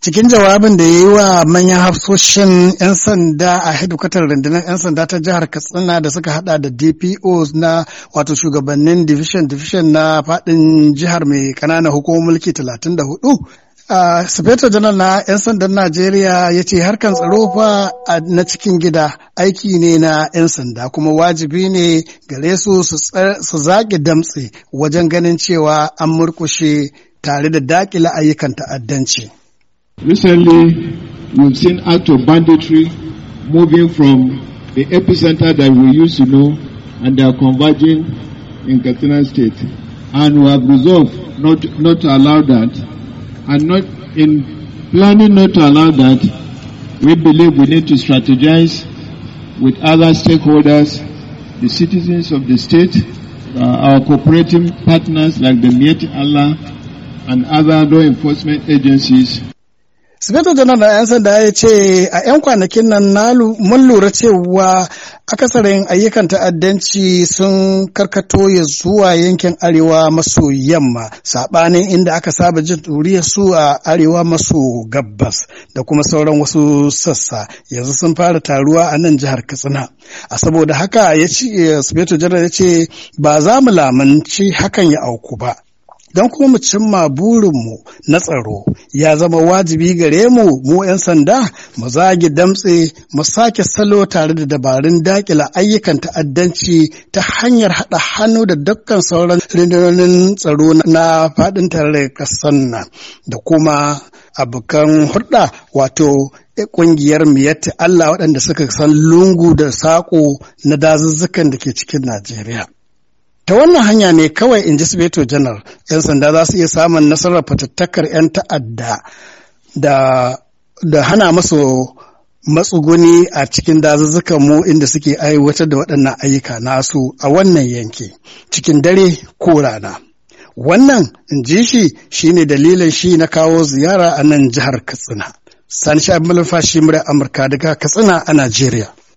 cikin jawabin da ya yi wa manyan hafsoshin 'yan sanda a hedikwatar rundunar 'yan sanda ta jihar katsina da suka hada da dpos na wato shugabannin division division na fadin jihar mai kananan hukumar mulki 34 Uh, Sufeto janar na 'yan sandan Najeriya ya ce harkan tsaro fa na cikin gida aiki ne na 'yan sanda kuma wajibi ne gare su su zage damtse wajen ganin cewa an murkushe tare da dakila ayyukan ta'addanci. Recently, we've seen acts of banditry moving from the epicenter that we used to know, and they are converging in Katsina State. And we have resolved not, not to allow that. And not in planning not to allow that, we believe we need to strategize with other stakeholders, the citizens of the state, uh, our cooperating partners like the Miet Allah and other law enforcement agencies. sifeto janar da 'yan sanda ya ce a 'yan kwanakin nan mun lura cewa akasarin ayyukan ta'addanci sun karkato ya zuwa yankin arewa maso yamma saɓanin inda aka saba jin ɗuriyar su a arewa maso gabas da kuma sauran wasu sassa yanzu sun fara taruwa a nan jihar katsina a saboda haka eh, janar ya ce ba za mu lamunci hakan ya auku ba don kuma mu cimma burinmu na tsaro ya zama wajibi gare mu mu 'yan sanda mu zagi damtse mu sake salo tare da dabarun dakila ayyukan ta'addanci ta hanyar haɗa hannu da dukkan sauran rundunonin tsaro na faɗin tare ƙasar nan da kuma abokan hulɗa wato ƙungiyar miyatti Allah waɗanda suka san lungu da saƙo na dazuzzukan da ke cikin Najeriya. ta wannan hanya ne kawai in ji sabeto janar 'yan sanda za su iya samun nasarar fatattakar 'yan ta'adda da hana masu matsuguni a cikin dazuzzukan mu inda suke aiwatar da waɗannan ayyuka nasu a wannan yanki cikin dare ko rana. Wannan in ji shi shine dalilin shi na kawo ziyara a nan jihar Katsina. Sani Shabi shi murar Amurka daga Katsina a Najeriya.